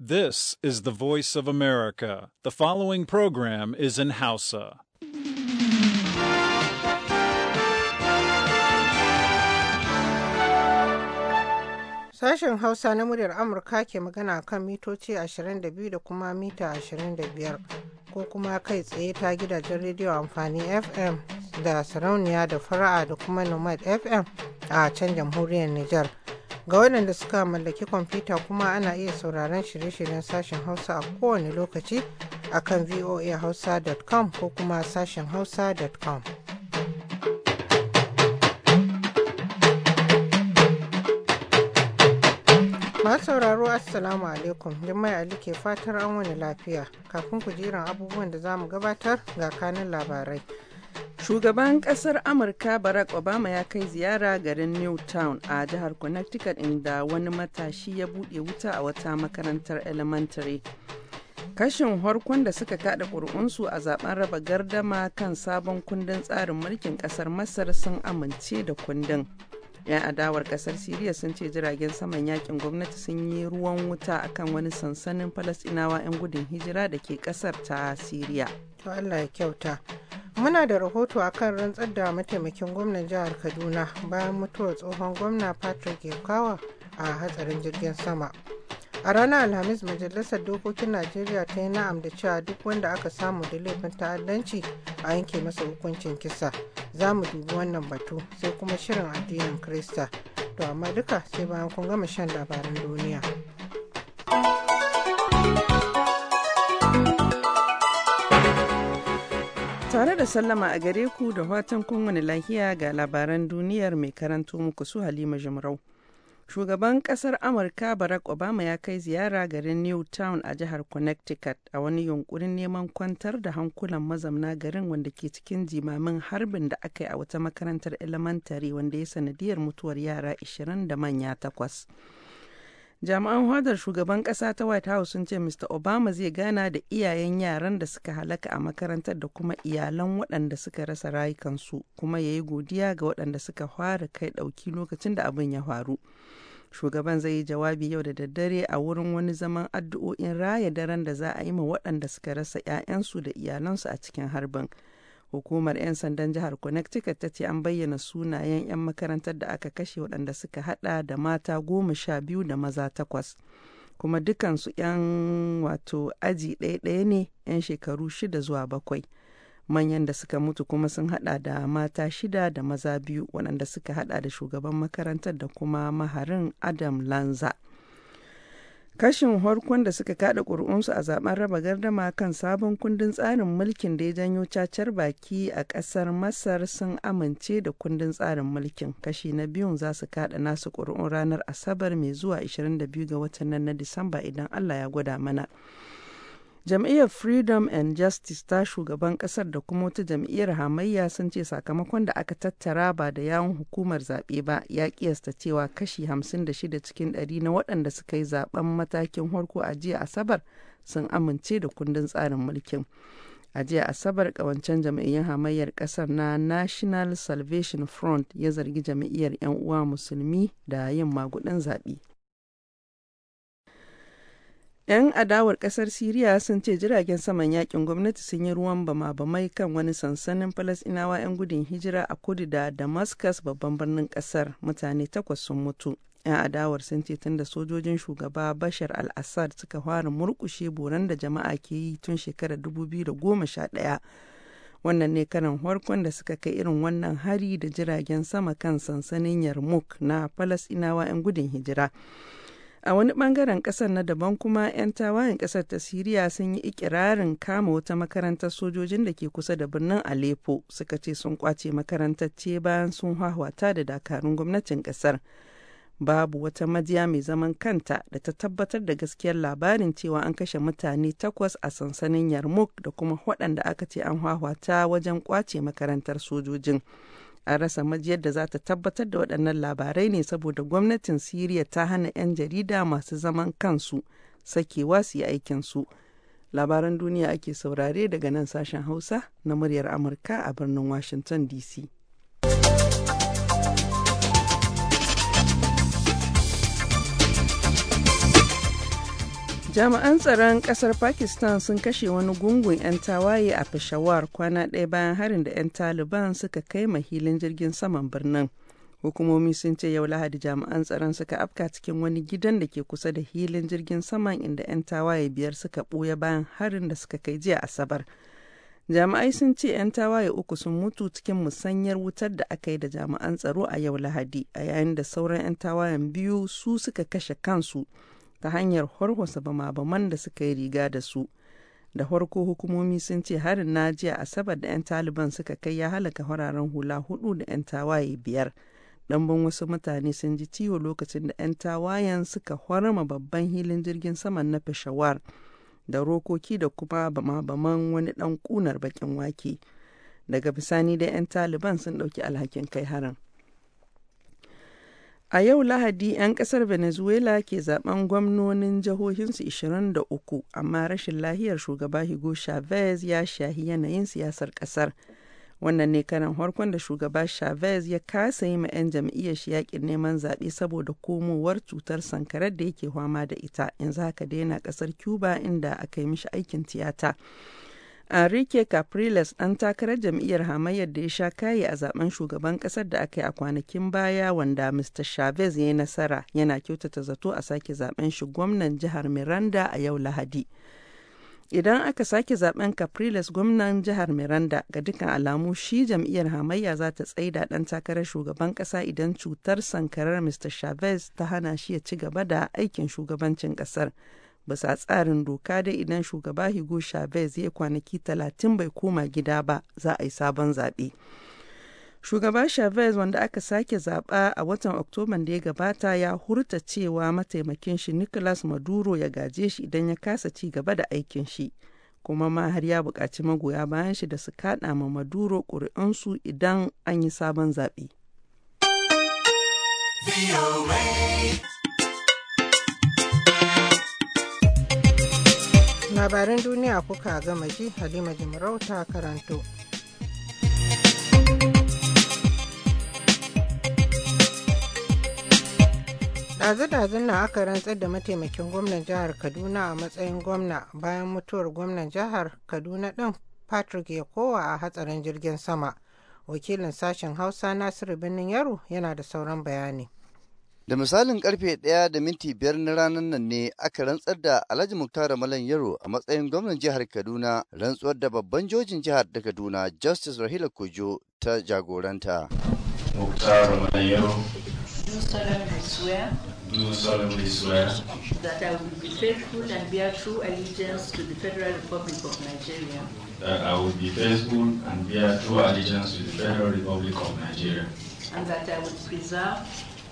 This is the voice of America. The following program is in Hausa. Sashen Hausa na muryar Amurka ke magana kan mitoci 22 da kuma mita 25 ko kuma kai tsaye ta gidajen rediyo amfani FM da sarauniya da fara'a da kuma Nomad FM a can jamhuriyar Nijar. Ga waɗanda suka mallaki kwamfuta kuma ana iya sauraron shirye-shiryen sashen Hausa a kowane lokaci a kan voahausa.com ko kuma sashen hausa.com. masu sauraro assalamu alaikum jimai ali ke fatar an wani lafiya kafin ku jiran abubuwan da za mu gabatar ga kanin labarai Shugaban kasar Amurka Barack Obama ya kai ziyara garin Newtown a jihar Connecticut inda wani matashi ya buɗe wuta a wata makarantar elementary. Kashin harkon da suka kada ƙuri'unsu a zaben raba gardama kan sabon kundin tsarin mulkin kasar Masar sun amince da kundin. 'yan adawar kasar siriya sun ce jiragen saman yakin gwamnati sun yi ruwan wuta akan wani sansanin falasɗinawa 'yan gudun hijira da ke ƙasar ta siriya to Allah ya kyauta muna da rahoto akan rantsar da mataimakin gwamnan jihar kaduna bayan mutuwar tsohon gwamna patrick yakawa a hatsarin jirgin sama a ranar alhamis majalisar dokokin najeriya ta yi na'am da cewa duk wanda aka samu da laifin ta'addanci a yanke masa hukuncin kisa za mu dubi wannan batu sai kuma shirin addinin krista to amma duka sai bayan kun gama shan labaran duniya. da sallama a gare ku da watan kowane lahiya ga labaran duniyar mai karanto muku su Halima jimrau Shugaban kasar Amurka Barack Obama ya kai ziyara garin Newtown a jihar Connecticut a wani yunkurin neman kwantar da hankulan mazamna garin wanda ke cikin jimamin harbin da aka yi a wata makarantar elementary wanda ya sanadiyar mutuwar yara 20 da manya takwas. jami'an hodar shugaban kasa ta white house sun ce mr obama zai gana da iyayen yaran da suka halaka a makarantar da kuma iyalan waɗanda suka rasa rayukansu kuma ya yi godiya ga waɗanda suka fara kai ɗauki lokacin da abin ya faru shugaban zai yi jawabi yau da daddare a wurin wani zaman addu'o'in raya daren da za a yi ma waɗanda suka rasa 'ya'yansu da iyalansu a cikin harbin hukumar 'yan sandan jihar connecticut ta ce an bayyana sunayen 'yan makarantar da aka kashe waɗanda suka hada da mata goma sha biyu da maza takwas kuma dukansu 'yan wato aji ɗaya-ɗaya ne 'yan shekaru shida zuwa bakwai manyan da suka mutu kuma sun hada da mata shida da maza biyu waɗanda suka hada da shugaban makarantar da kuma maharin adam lanza kashin harkon da suka kada ƙuri'unsu a zaben raba gardama kan sabon kundin tsarin mulkin da ya janyo cacar baki a ƙasar masar sun amince da kundin tsarin mulkin kashi na biyun za su kada nasu ƙuri'un ranar asabar mai zuwa 22 ga watan nan na disamba idan allah ya gwada mana Jam'iyyar Freedom and Justice ta shugaban kasar da kuma wata jam'iyyar hamayya sun ce sakamakon da aka tattara ba da yawon hukumar zaɓe ba ya kiyasta cewa kashi 56 cikin 100 na waɗanda suka yi zaɓen matakin harko a jiya Asabar sun amince da kundin tsarin mulkin. A jiya Asabar ƙawancen jam'iyyar hamayyar ƙasar na National Salvation Front ya zargi jam'iyyar 'yan uwa musulmi da yin maguɗin zaɓe. 'Yan adawar ƙasar Siriya sun ce jiragen saman yakin gwamnati sun yi ruwan bama-bamai kan wani sansanin Falasɗinawa 'yan gudun hijira a kudu da Damascus babban birnin ƙasar. Mutane takwas sun mutu. 'Yan adawar sun ce tun da sojojin shugaba Bashar al-Assad suka fara murƙushe boran da jama'a ke yi tun shekarar 2011. Wannan ne karin harkon da suka kai irin wannan hari da jiragen sama kan sansanin Yarmouk na Falasɗinawa 'yan gudun hijira. A wani bangaren kasar na daban kuma 'yan tawayen kasar ta Siriya sun yi ikirarin kama wata makarantar sojojin da ke kusa da birnin Aleppo suka ce sun kwace makarantar ce bayan sun hahwata da dakarun gwamnatin kasar. Babu wata majiya mai zaman kanta da ta tabbatar da gaskiyar labarin cewa an kashe mutane takwas a sansanin Yarmouk da kuma waɗanda aka ce an hahwata wajen kwace makarantar sojojin. A rasa majiyar da za ta tabbatar da waɗannan labarai ne saboda gwamnatin siriya ta hana 'yan jarida masu zaman kansu sakewa su yi aikinsu labaran duniya ake saurare daga nan sashen hausa na muryar amurka a birnin washington dc jami'an tsaron kasar pakistan sun kashe wani gungun 'yan tawaye a peshawar kwana ɗaya bayan harin da 'yan taliban suka kai mahilin jirgin saman birnin hukumomi sun ce yau lahadi jami'an tsaron suka afka cikin wani gidan da ke kusa da hilin jirgin saman inda 'yan tawaye biyar suka ɓuya bayan harin da suka kai jiya asabar jami'ai sun ce 'yan tawaye uku sun mutu cikin musanyar wutar da aka yi da jami'an tsaro a yau lahadi a yayin da sauran 'yan tawayen biyu su suka kashe kansu ta hanyar horhosa bama-baman da suka yi riga da su. Da farko hukumomi sun ce harin na jiya Asabar da 'yan Taliban suka kai ya halaka hararen hula hudu da 'yan tawaye biyar. Ɗanban wasu mutane sun ji ciwo lokacin da 'yan tawayen suka horama babban hilin jirgin saman na Peshawar da rokoki da kuma bama-baman wani ɗan ƙunar baƙin wake. Daga bisani da 'yan Taliban sun ɗauki alhakin kai harin. A yau Lahadi 'yan ƙasar Venezuela ke zaben gwamnonin jihohinsu 23, amma rashin lahiyar shugaba higo Chavez ya shahi yanayin siyasar ƙasar. Wannan ne karan harkon da shugaba Chavez ya kasa yi ma 'yan jam'iyyar shi yakin neman zaɓe saboda komowar cutar sankarar da yake fama da ita, yanzu haka dai ƙasar Cuba inda aka yi mishi aikin tiyata. Enrique Capriles ɗan takarar jam'iyyar hamayyar da ya sha kaye a zaben shugaban ƙasar da aka yi a kwanakin baya wanda Mr. Chavez ya yi nasara yana kyautata zato a sake zaben shi gwamnan jihar Miranda a yau Lahadi. Idan aka sake zaben Capriles gwamnan jihar Miranda ga dukkan alamu shi jam'iyyar hamayya za ta tsaida ɗan takarar shugaban ƙasa idan cutar sankarar Mr. Chavez ta hana shi ya ci gaba da aikin shugabancin ƙasar. bisa tsarin doka dai idan shugaba higo Chavez ya kwanaki talatin bai koma gida ba za a yi sabon zaɓe. Shugaba Chavez wanda aka sake zaɓa a watan Oktoban da ya gabata ya hurta cewa mataimakin shi Nicolas Maduro ya gaje shi idan ya kasa ci gaba da aikin shi. Kuma ma har ya buƙaci magoya bayan shi da su kaɗa ma Maduro ƙuri'unsu idan an yi sabon zaɓe. labaran duniya kuka gama ji halima jimarau ta karanto dazu-dazun na aka rantsar da mataimakin gwamnan jihar kaduna a matsayin gwamna bayan mutuwar gwamnan jihar kaduna ɗin patrick yakowa a hatsarin jirgin sama wakilin sashen hausa nasiru birnin yaro yana da sauran bayani Da misalin karfe ɗaya da minti biyar na ranar nan ne aka rantsar da Alhaji Muktar Malam Yaro a matsayin gwamnan jihar Kaduna rantsuwar da babban jojin jihar da Kaduna Justice Rahila Kojo ta jagoranta. Muktar Malam Yaro. Do solemnly swear. Do solemnly swear. That I will be faithful and bear true allegiance to the Federal Republic of Nigeria. That I will be faithful and bear true allegiance to the Federal Republic of Nigeria. And that I will preserve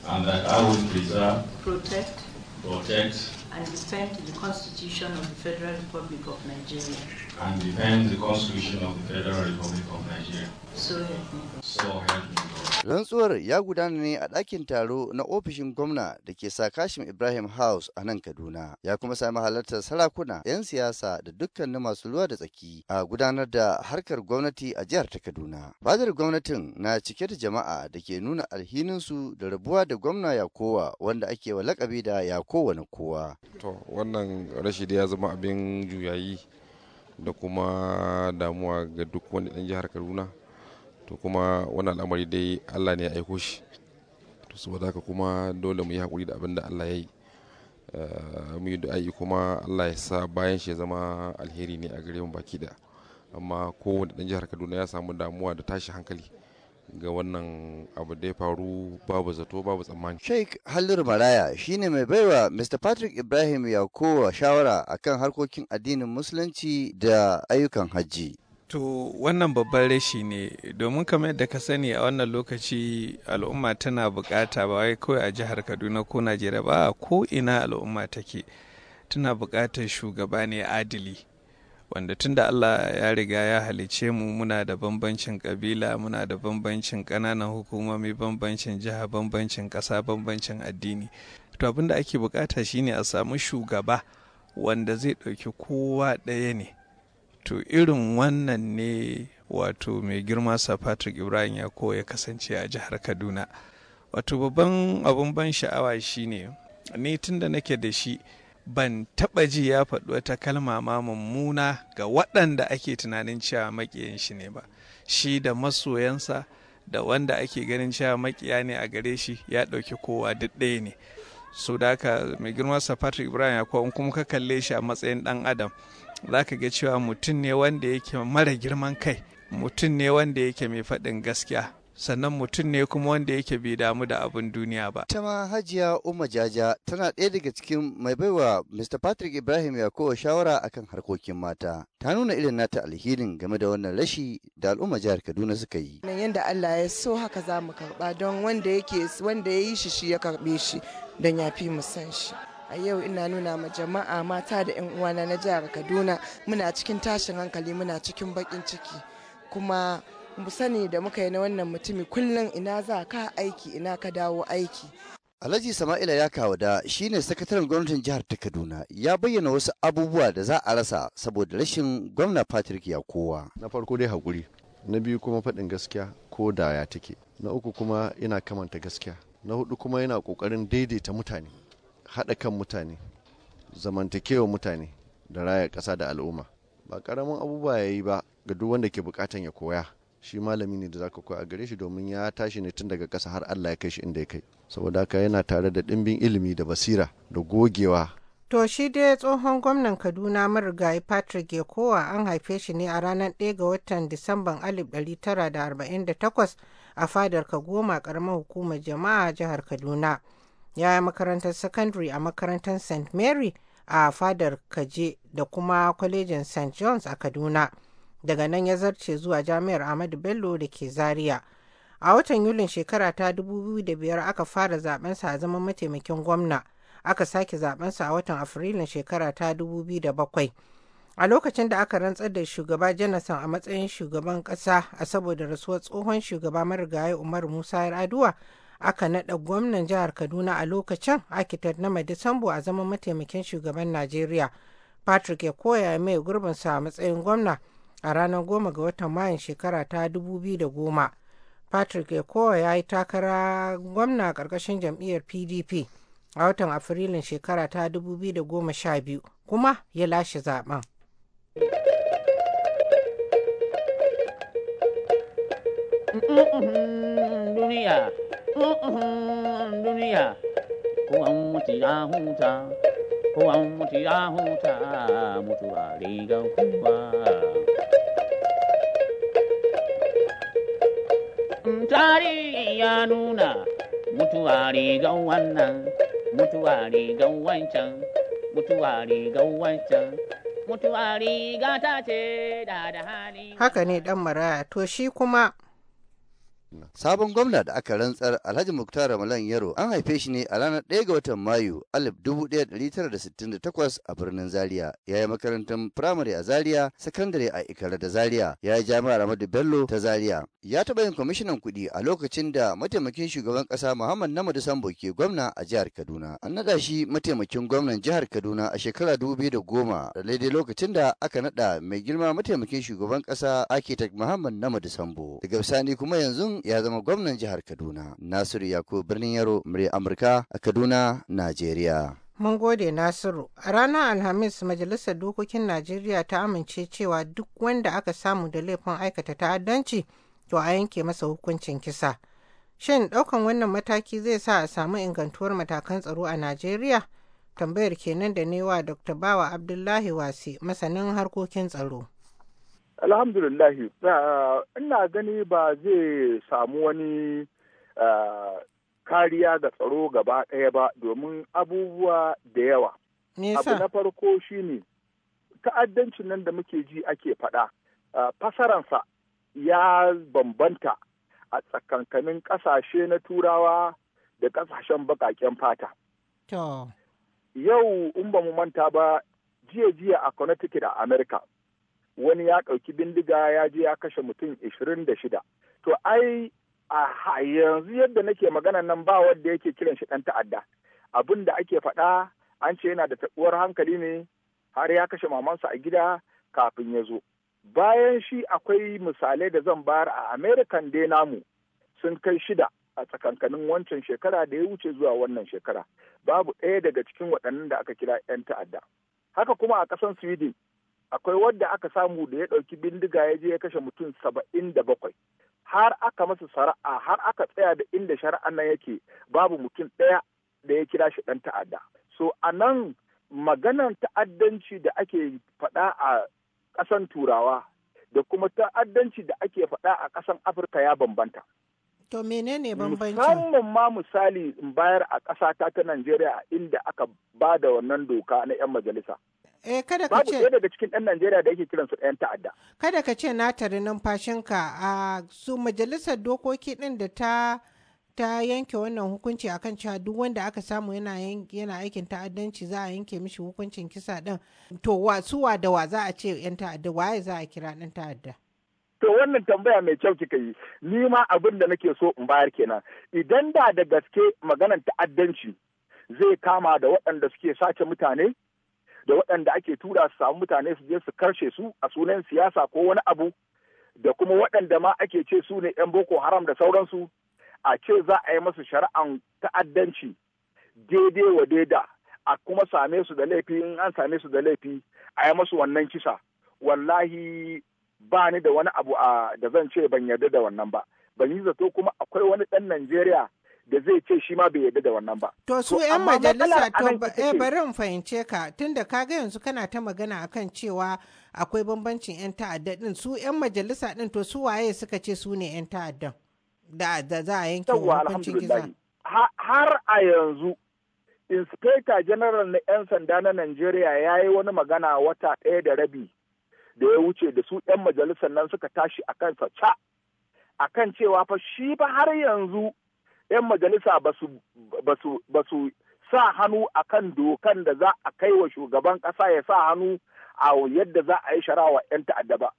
and that I will preserve, protect, protect, and defend the Constitution of the Federal Republic of Nigeria. and defend the Constitution of the Federal Republic of Nigeria. So help me God. Rantsuwar ya gudana ne a ɗakin taro na ofishin gwamna da ke sa Kashim Ibrahim House a nan Kaduna, ya kuma sami halartar sarakuna, 'yan siyasa da dukkanin masu ruwa da tsaki a gudanar da harkar gwamnati a jihar ta Kaduna. Fadar gwamnatin na cike da jama'a da ke nuna alhininsu da rabuwa da gwamna Yakowa wanda ake wa lakabi da Yakowa na kowa. To wannan rashidi ya zama abin juyayi da kuma damuwa ga duk wani dan jihar kaduna to kuma wani al'amari dai allah ne ya aiko shi to saboda haka kuma dole mu yi haƙuri da abin da allah ya yi eh, mu yi kuma allah ya sa bayan shi ya zama alheri ne a gare mu baki da amma kowane dan jihar kaduna ya samu damuwa da tashi hankali ga wannan abu da ya faru babu zato babu tsammani. Sheikh Halliru Maraya shine mai baiwa Mr. Patrick Ibrahim Yakowa shawara akan harkokin addinin Musulunci da ayyukan hajji. To wannan babban reshi ne domin kamar yadda ka sani a wannan lokaci al'umma tana bukata ba wai kawai a jihar Kaduna ko Najeriya ba ko ina al'umma take tana bukatar shugaba ne adili wanda tun da Allah ya riga ya halice mu muna da bambancin kabila muna da bambancin ƙananan hukumomi bambancin jiha bambancin ƙasa bambancin addini to abin da ake bukata shine a samu shugaba wanda zai ɗauki kowa ɗaya ne to irin wannan ne wato mai girma sir patrick ibrahim ya ko ya kasance a jihar kaduna wato babban abin ban sha'awa shine ne tun da nake da shi ban taɓa ji ya faɗi wata kalma ma mummuna ga waɗanda ake tunanin cewa makiyan shi ne ba shi da masoyansa da wanda ake ganin cewa maƙiya ne a gare shi ya ɗauki kowa duk ɗaya ne so da haka mai girma sa patrick brown ya in kuma ka kalle shi a matsayin ɗan adam za ka ga cewa mutum ne wanda yake mara girman kai mutum ne wanda yake mai faɗin gaskiya sannan mutum ne kuma wanda yake bai damu da abin duniya ba. Ita ma Hajiya Umma Jaja tana ɗaya daga cikin mai baiwa Mr. Patrick Ibrahim Yakubu shawara akan harkokin mata. Ta nuna irin nata alhinin game da wannan rashi da al'umma jihar Kaduna suka yi. Nan yadda Allah ya so haka za mu karɓa don wanda wanda ya yi shi shi ya karɓe shi don ya fi mu san shi. a yau ina nuna ma jama'a mata da 'yan uwana na jihar kaduna muna cikin tashin hankali muna cikin bakin ciki kuma mu sani da muka yi na wannan mutumi kullum ina za ka aiki ina ka dawo aiki Alhaji Sama'ila ya kawo da ne sakataren gwamnatin jihar ta Kaduna ya bayyana wasu abubuwa da za a rasa saboda rashin gwamna Patrick kowa. Na farko dai hakuri, na biyu kuma faɗin gaskiya ko da ya take, na uku kuma ina kamanta gaskiya, na hudu kuma yana ƙoƙarin daidaita mutane, haɗa kan mutane, zamantakewa mutane da raya ƙasa da al'umma. Ba ƙaramin abubuwa ya yi ba ga duk wanda ke buƙatan ya koya. shi malami ne da zaka koya a gare shi domin ya tashi ne tun daga ƙasa har Allah ya kai shi inda ya kai saboda haka yana tare da ɗimbin ilimi da basira da gogewa To shi dai tsohon gwamnan Kaduna marigayi Patrick kowa an haife shi ne a ranar 1 ga watan Disamban 1948 a fadar ka goma karamar hukumar jama'a jihar Kaduna. Ya yi makarantar secondary a makarantar St. Mary a fadar Kaje da kuma kwalejin St. John's a Kaduna. daga nan ya zarce zuwa jami'ar Ahmadu Bello da ke Zaria. A watan Yulin shekara ta 2005 aka fara zabensa a zaman mataimakin gwamna, aka sake zabensa a watan Afrilun shekara ta 2007. A lokacin da aka rantsar da shugaba Jonathan a matsayin shugaban ƙasa a saboda rasuwar tsohon shugaba marigayi Umar Musa Yar'adua, aka naɗa gwamnan jihar Kaduna a lokacin Akitat na Madisambu a zaman mataimakin shugaban Najeriya. Patrick ya koya mai gurbinsa a matsayin gwamna. a ranar goma ga watan mayan shekara ta 2010 patrick ekowa ya yi takara gwamna karkashin jam'iyyar pdp a watan afrilun shekara ta 2012 kuma ya lashe zaben. duniya duniya ko an mutu ya huta ko an mutu ya huta ba rigar kuma. tarihi ya nuna mutuwa rigan wannan mutuwa rigan wancan mutuwa rigan wancan mutuwa riga ta ce da da hali haka ne dan maraya to shi kuma nan. Sabon gwamna da aka rantsar Alhaji Muktar Ramalan Yaro an haife shi ne a ranar 1 ga watan Mayu 1968 a birnin Zaria. Ya yi makarantar firamare a Zaria, sakandare a Ikara da Zaria, ya yi jami'ar Amadu Bello ta Zaria. Ya taɓa yin kwamishinan kuɗi a lokacin da mataimakin shugaban ƙasa Muhammad Namadu Sambo ke gwamna a jihar Kaduna. An naɗa shi mataimakin gwamnan jihar Kaduna a shekara 2010 da daidai lokacin da aka naɗa mai girma mataimakin shugaban ƙasa Akitek Muhammad Namadu Sambo. Daga bisani kuma yanzu ya zama gwamnan jihar Kaduna. Nasiru Yakubu birnin Yaro, murya Amurka a Kaduna, Najeriya. Mun gode Nasiru. A ranar Alhamis Majalisar Dokokin Najeriya ta amince cewa duk wanda aka samu da laifin aikata ta'addanci to a yanke masa hukuncin kisa. Shin ɗaukan wannan mataki zai sa a samu ingantuwar matakan tsaro a Najeriya? Tambayar kenan da newa Dr. Bawa Abdullahi Wasi masanin harkokin tsaro. alhamdulillahi ina gani ba zai samu wani kariya ga tsaro gaba ɗaya ba domin abubuwa da yawa abu na farko shi ne ta'addancin nan da muke ji ake faɗa fasaransa ya bambanta a tsakankanin ƙasashe na turawa da ƙasashen baƙaƙen fata yau in ba mu manta ba jiya jiya a connecticut a america wani ya ɗauki bindiga ya je ya kashe mutum ishirin da shida to ai a yanzu yadda nake magana nan ba wanda yake kiran shi ɗan ta'adda abin da ake faɗa an ce yana da taɓuwar hankali ne har ya kashe mamansa a gida kafin ya zo bayan shi akwai misalai da zan bayar a american dai namu sun kai shida a tsakankanin wancan shekara da ya wuce zuwa wannan shekara babu ɗaya daga cikin waɗannan da aka kira 'yan ta'adda haka kuma a ƙasan sweden akwai wadda aka samu da ya ɗauki bindiga ya je ya kashe mutum saba'in da bakwai har aka masa shari'a har aka tsaya da inda shari'a nan yake babu mutum ɗaya da ya kira shi ɗan ta'adda so a nan maganan ta'addanci da ake faɗa a ƙasan turawa da kuma ta'addanci da ake faɗa a ƙasan afirka ya bambanta to menene bambanci musamman ma misali in bayar a ƙasata ta najeriya inda aka ba da wannan doka na 'yan majalisa Eh kada ka ce daga cikin ɗan Najeriya da yake kiran su ɗayan ta'adda. Kada ka ce na numfashinka a su majalisar dokoki ɗin da ta ta yanke wannan hukunci akan cewa duk wanda aka samu yana aikin ta'addanci za a yanke mishi hukuncin kisa ɗin. To wa wa da wa za a ce yan ta'adda waye za a kira ɗan ta'adda? To wannan tambaya mai kyau kika yi, ni ma abin da nake so in bayar kenan. Idan da da gaske maganan ta'addanci zai kama da waɗanda suke sace mutane, da waɗanda ake tura su samu mutane su je su karshe su a sunan siyasa ko wani abu da kuma waɗanda ma ake ce su ne 'yan boko haram da sauransu a ce za a yi masu shari'an ta'addanci daidai wa daida a kuma same su da laifi in an same su da laifi a yi masu wannan kisa wallahi ba ni da wani abu a da zan ce ban yarda da wannan ba ban yi zato kuma akwai wani ɗan najeriya da zai ce shi ma bai yarda da wannan ba. To su 'yan majalisa to eh, bari in fahimce ka tunda kaga yanzu kana ta magana akan cewa akwai bambancin 'yan ta'adda din su 'yan majalisa din to su waye suka ce su ne 'yan ta'addan da za a yanke hukuncin kisa. Har a yanzu Inspector General na 'yan sanda na Najeriya ya yi wani magana wata ɗaya da rabi da ya wuce da su 'yan majalisar nan suka tashi a kansa ca akan cewa fa shi ba har yanzu 'yan majalisa ba su sa hannu a kan dokan da za a kai wa shugaban ƙasa ya sa hannu a yadda za a yi sharawa 'yan ta'adda ba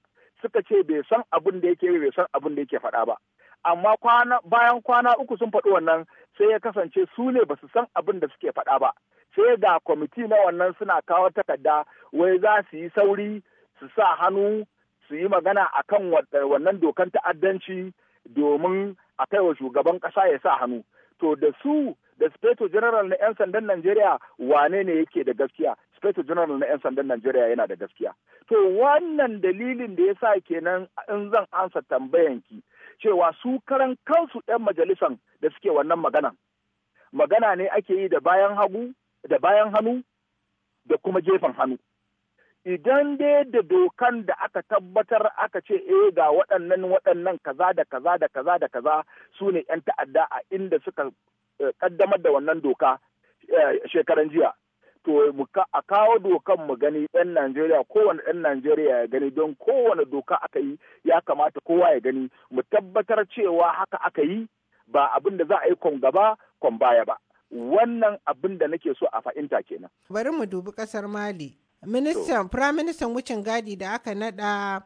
suka ce bai san abin da yake bai san abin da yake faɗa ba amma bayan kwana uku sun faɗi wannan sai ya kasance su ne ba su san abin da suke faɗa ba sai ga kwamiti na wannan suna kawo takarda wai za su yi sauri su sa hannu su yi magana akan wannan dokan ta'addanci domin a kai wa shugaban ƙasa ya sa hannu to da su da speto general na 'yan sandan najeriya wane ne yake da gaskiya speto general na 'yan sandan najeriya yana da gaskiya to wannan dalilin da ya sa kenan in zan ansa tambayanki cewa su karan kansu 'yan majalisan da suke wannan magana magana ne ake yi da bayan hagu da bayan hannu da kuma gefen hannu idan dai da dokan da aka tabbatar aka ce eh ga waɗannan waɗannan kaza da kaza da kaza da kaza su ne 'yan ta'adda a inda suka kaddamar eh, da wannan doka eh, shekaran jiya to a kawo dokan mu gani 'yan Najeriya kowane 'yan Najeriya ya gani don kowane doka aka yi ya kamata kowa ya gani mu tabbatar cewa haka aka yi ba abin da za a yi kon gaba kon baya ba wannan abin da nake so a fahimta kenan bari mu dubi kasar Mali Ministan, minister wucin gadi da aka nada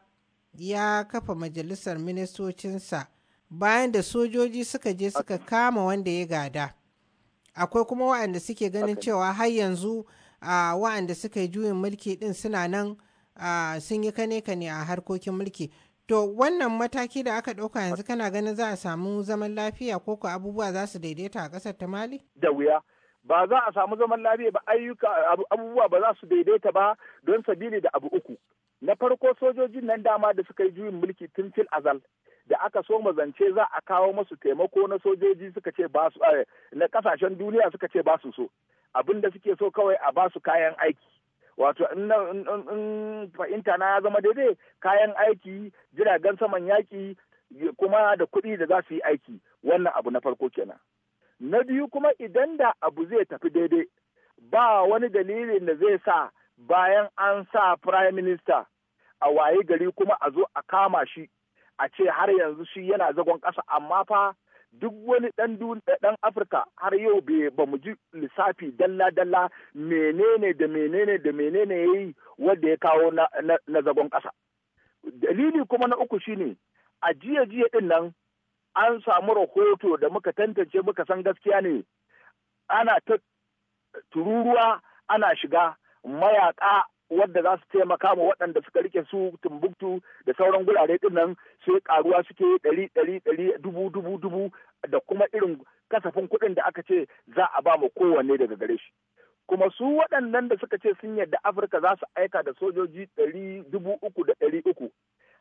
ya kafa majalisar ministocinsa bayan da sojoji suka je suka kama wanda ya gada. Akwai kuma wa'anda suke ganin cewa har yanzu wa'anda suka yi juyin mulki din suna nan sun yi kane-kane a harkokin mulki. To wannan mataki da aka ɗauka yanzu kana ganin za a samu zaman lafiya ko ko abubuwa za su daidaita a ƙasar ta Mali? Da wuya, ba za a samu zaman lafiya ba ayyuka abubuwa ba za su daidaita ba don sabili da abu uku na farko sojojin nan dama da suka yi juyin mulki tun fil azal da aka so zance za a kawo masu taimako na sojoji suka ce ba su eh, na kasashen duniya suka ce ba su so abin da suke so kawai a ba su kayan aiki wato in fahimta na ya zama daidai kayan aiki jiragen saman yaki kuma da kuɗi da za su yi aiki wannan abu na farko kenan Na biyu kuma idan da abu zai tafi daidai ba wani dalilin da zai sa bayan an sa Prime Minister a waye gari kuma a zo a kama shi a ce har yanzu shi yana zagon ƙasa amma fa duk wani ɗan Afirka har yau ba mu ji lissafi dalla-dalla menene da menene da menene ya yi wanda ya kawo na zagon ƙasa. Dalili kuma na uku shine a jiya-jiya ɗin nan an samu rahoto da muka tantance muka san gaskiya ne ana ta tururuwa ana shiga mayaƙa wadda za su taimaka ma waɗanda suka rike su Timbuktu da sauran gurare ɗin nan sai karuwa suke ɗari ɗari ɗari dubu dubu dubu da kuma irin kasafin kuɗin da aka ce za a ba mu kowanne daga gare shi. Kuma su waɗannan da suka ce sun yadda Afirka za su aika da sojoji ɗari dubu uku da ɗari uku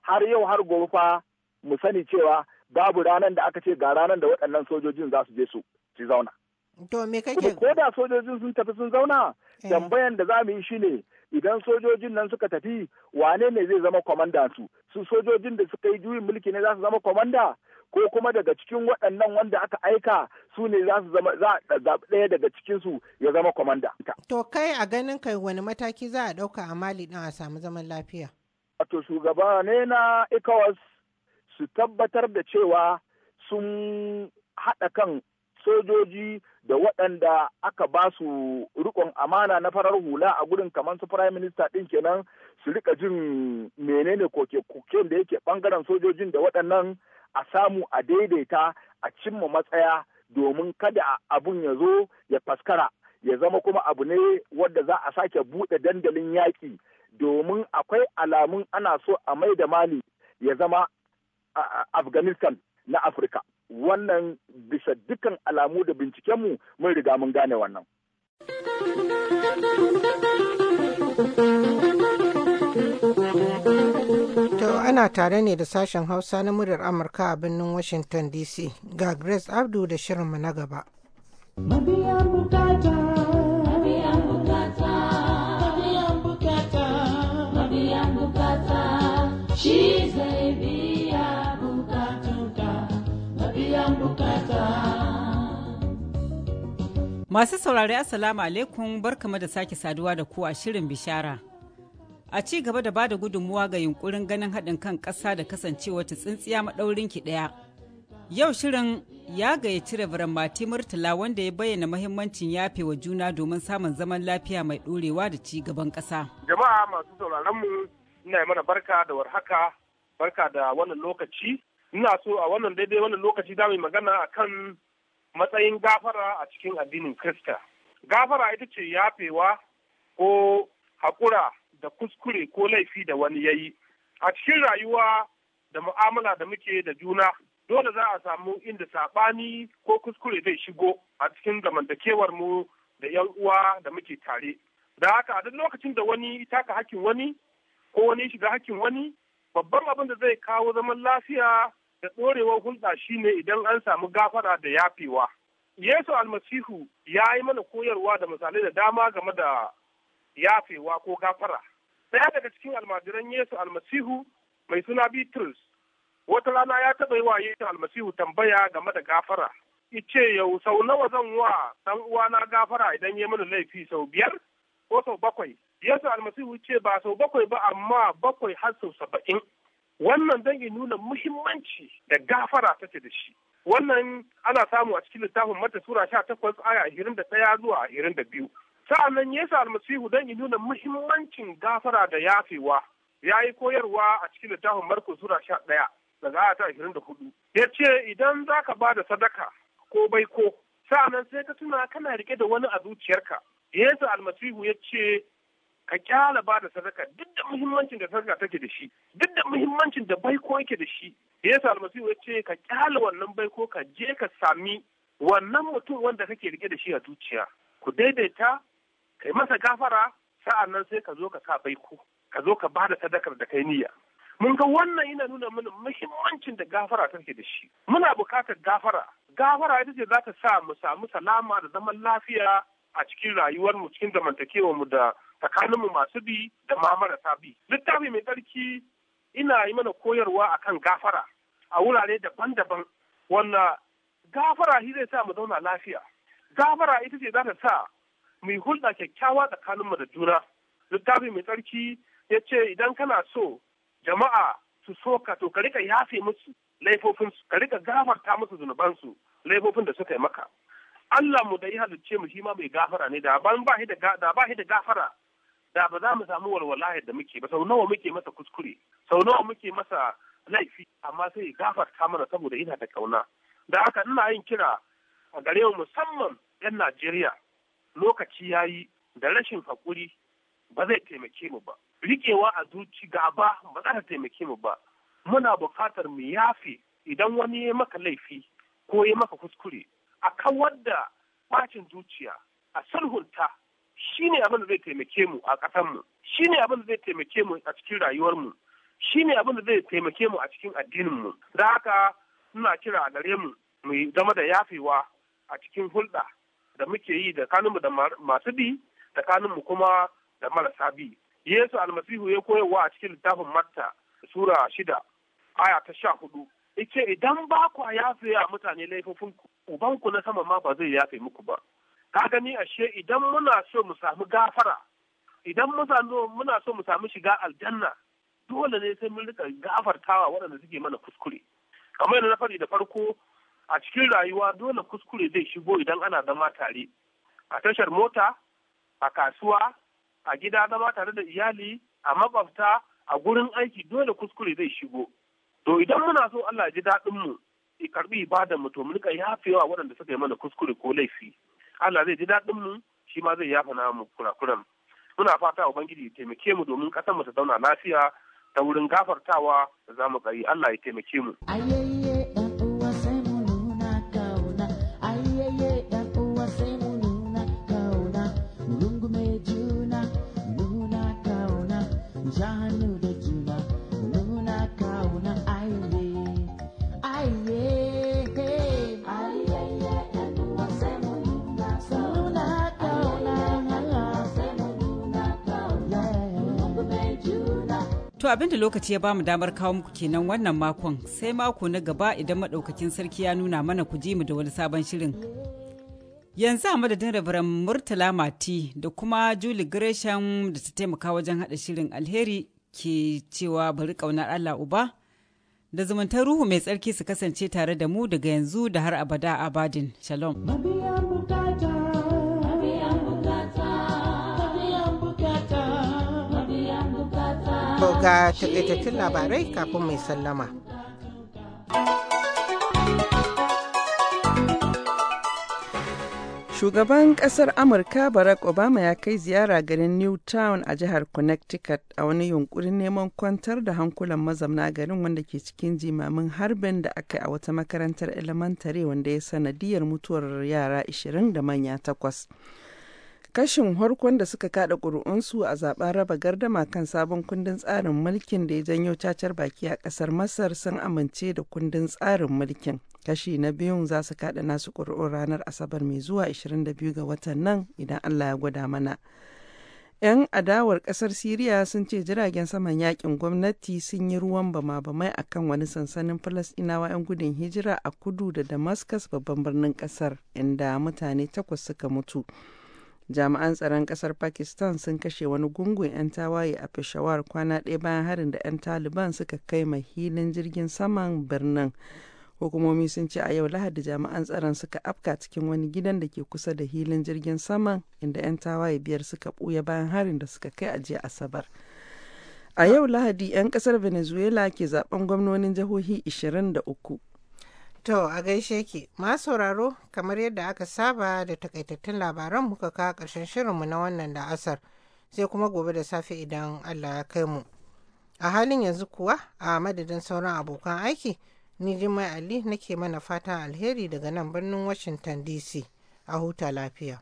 har yau har gobe fa mu sani cewa babu ranar da aka ce ga ranar da waɗannan sojojin za su je su su zauna. To me kake? Ko da sojojin sun tafi sun zauna, eh. tambayan da za mu yi shi ne idan sojojin nan suka tafi wane ne zai zama kwamandan su? Su sojojin da suka yi juyin mulki ne za su zama kwamanda? Ko kuma daga cikin waɗannan wanda aka aika su ne za su zama za a zaɓi ɗaya daga cikin su ya zama kwamanda. To kai a ganin kai wani mataki za a ɗauka a Mali ɗin a samu zaman lafiya? Wato shugaba ne na ECOWAS su tabbatar da cewa sun haɗa kan sojoji da waɗanda aka ba su rikon amana na farar hula a gurin kamar su prime minister ɗin kenan su rika jin menene koke-koken da yake ɓangaren sojojin da waɗannan a samu a daidaita a cimma matsaya domin kada abun ya zo ya faskara ya zama kuma abu ne wadda za a sake buɗe dandalin yaƙi domin akwai alamun ana so a mai da mali ya zama Afghanistan na Afirka. Wannan bisa dukkan alamu da bincikenmu mun riga mun gane wannan. To ana tare ne da sashen Hausa na muryar Amurka a birnin Washington DC ga Grace Abdu da shirin mu na gaba. Masu saurari Assalamu alaikum barkama da sake saduwa da ku a shirin bishara. A ci gaba da bada gudunmuwa ga yunkurin ganin haɗin kan ƙasa da kasancewa ta tsintsiya maɗaurin ki ɗaya. Yau shirin ya gayyaci Reverend Mati Murtala wanda ya bayyana mahimmancin yafe wa juna domin samun zaman lafiya mai ɗorewa da ci gaban ƙasa. Jama'a masu sauraron mu ina mana barka da warhaka, barka da wannan lokaci. Ina so a wannan daidai wannan lokaci za mu yi magana akan matsayin gafara a cikin addinin Krista. Gafara ita ce yafewa ko haƙura da kuskure ko laifi da wani ya yi. A cikin rayuwa da mu'amala da muke da juna, dole za a samu inda saɓani ko kuskure zai shigo a cikin zamantakewar mu da 'yan uwa da muke tare. Da haka a duk lokacin da wani taka hakkin wani ko wani shiga hakkin wani, babban abin da zai kawo zaman lafiya da ɗorewar hulɗa shine idan an samu gafara da yafewa. Yesu almasihu ya yi mana koyarwa da misalai da dama game da yafewa ko gafara. Ɗaya daga cikin almajiran Yesu almasihu mai suna Bitrus, wata rana ya taɓa yi wa Yesu almasihu tambaya game da gafara. Ice yau sau nawa zan wa ɗan uwana gafara idan ya mana laifi sau biyar ko sau bakwai. Yesu almasihu ce ba sau bakwai ba amma bakwai har sau saba'in. wannan don ya nuna muhimmanci da gafara take da shi wannan ana samu a cikin littafin mata sura sha takwas aya ashirin da ɗaya zuwa ashirin da biyu sa'annan yesu almasihu don ya nuna muhimmancin gafara da yafewa ya yi koyarwa a cikin littafin marko sura sha ɗaya daga aya ta ashirin da hudu ya ce idan za ka ba da sadaka ko baiko sa'annan sai ka tuna kana rike da wani a zuciyarka yesu almasihu ya ce ka kyala ba da sadaka duk da muhimmancin da sadaka take da shi duk da muhimmancin da baiko yake da shi yesu almasihu ya ce ka kyala wannan baiko ka je ka sami wannan mutum wanda kake rike da shi a zuciya ku daidaita kai masa gafara sa'an nan sai ka zo ka sa baiko ka zo ka ba da sadakar da kai niyya mun ga wannan yana nuna mana muhimmancin da gafara take da shi muna bukatar gafara gafara ita ce za ta sa mu samu salama da zaman lafiya a cikin rayuwarmu cikin mu da tsakaninmu masu bi da ma marasa bi. Littafi mai tsarki ina yi mana koyarwa akan gafara a wurare daban-daban Wannan gafara shi zai sa mu zauna lafiya. Gafara ita ce za ta sa mu hulɗa kyakkyawa tsakaninmu da juna. Littafi mai tsarki ya ce idan kana so jama'a su soka to ka rika yafe musu laifofinsu ka rika gafarta musu zunubansu laifofin da suka yi maka. Allah mu da ya halicce mu shi ma mai gafara ne da ban ba shi da gafara da ba za mu samu walwala yadda muke ba sau nawa muke masa kuskure sau nawa muke masa laifi amma sai gafarta mana saboda ina da kauna da haka ina yin kira a gare mu musamman 'yan Najeriya lokaci yayi da rashin haƙuri ba zai taimake mu ba riƙewa a zuci gaba ba za ta taimake mu ba muna buƙatar mu yafe idan wani ya maka laifi ko ya maka kuskure a kawar da bacin zuciya a sulhunta shi ne abin da zai taimake mu a ƙasanmu shi ne abin da zai taimake mu a cikin rayuwarmu shi ne abin da zai taimake mu a cikin addininmu da haka suna kira a gare mu mu zama da yafewa a cikin hulɗa da muke yi da kanunmu da masu bi da kanunmu kuma da marasa bi yesu almasihu ya koyarwa a cikin littafin matta sura shida aya ta sha hudu ice idan ba ku yafe a mutane laifofin ubanku na sama ma ba zai yafe muku ba ka gani ashe idan muna so mu samu gafara idan muna so mu samu shiga aljanna dole ne sai mun rika gafartawa waɗanda suke mana kuskure kamar yadda na faɗi da farko a cikin rayuwa dole kuskure zai shigo idan ana zama tare a tashar mota a kasuwa a gida zama tare da iyali a makwabta a gurin aiki dole kuskure zai shigo to idan muna so Allah ji daɗin mu i karbi ibadan mu to mu rika yafewa waɗanda suka yi mana kuskure ko laifi Allah zai ji daɗin mu shi ma zai yafa na mu kurakuran muna fata ubangiji taimake mu domin ƙasar mu ta zauna lafiya ta wurin gafartawa da zamu tsari Allah ya taimake mu Jahannam To abinda lokaci ya bamu damar kawo muku kenan wannan makon sai mako na gaba idan madaukakin sarki ya nuna mana ku ji mu da wani sabon shirin. Yanzu a madadin rabaran Murtala Mati da kuma Julie Gresham da ta taimaka wajen haɗa shirin alheri ke cewa bari ƙaunar Allah Uba da zumuntar ruhu mai tsarki su kasance tare da mu daga yanzu da har abada abadin. Shalom. ga takaitattun labarai kafin mai sallama. Shugaban ƙasar Amurka Barack Obama ya kai ziyara garin Newtown a jihar Connecticut a wani yunkurin neman kwantar da hankulan mazamna garin wanda ke cikin jimamin harbin da aka yi a wata makarantar elementare wanda ya sanadiyar mutuwar yara 20 da manya takwas. kashin harkon da suka kada ƙuri'unsu a zaben raba gardama kan sabon kundin tsarin mulkin da ya janyo cacar baki a ƙasar masar sun amince da kundin tsarin mulkin kashi na biyun za su kada nasu ƙuri'un ranar asabar mai zuwa 22 ga watan nan idan allah ya gwada mana 'yan adawar kasar siriya sun ce jiragen saman yakin gwamnati sun yi ruwan bama-bamai a kan wani sansanin falasɗinawa 'yan gudun hijira a kudu da damascus babban birnin kasar inda mutane takwas suka mutu jami'an tsaron kasar pakistan sun kashe wani gungun 'yan tawaye a peshawar kwana ɗaya bayan harin da 'yan taliban suka kai mahilin jirgin saman birnin hukumomi sun ce a yau lahadi jami'an tsaron suka afka cikin wani gidan da ke kusa da hilin jirgin saman inda 'yan tawaye biyar suka ɓuya bayan harin da suka kai a jiya asabar a yau lahadi 'yan kasar venezuela ke zaben gwamnonin jihohi 23 To a gaishe ki, ma sauraro kamar yadda aka saba da takaitattun labaran muka kawo ƙarshen shirinmu na wannan da asar sai kuma gobe da safe idan Allah ya kai mu. A halin yanzu kuwa a madadin sauran abokan aiki, ni Jimai Ali nake mana fatan alheri daga nan birnin Washington DC. A huta lafiya.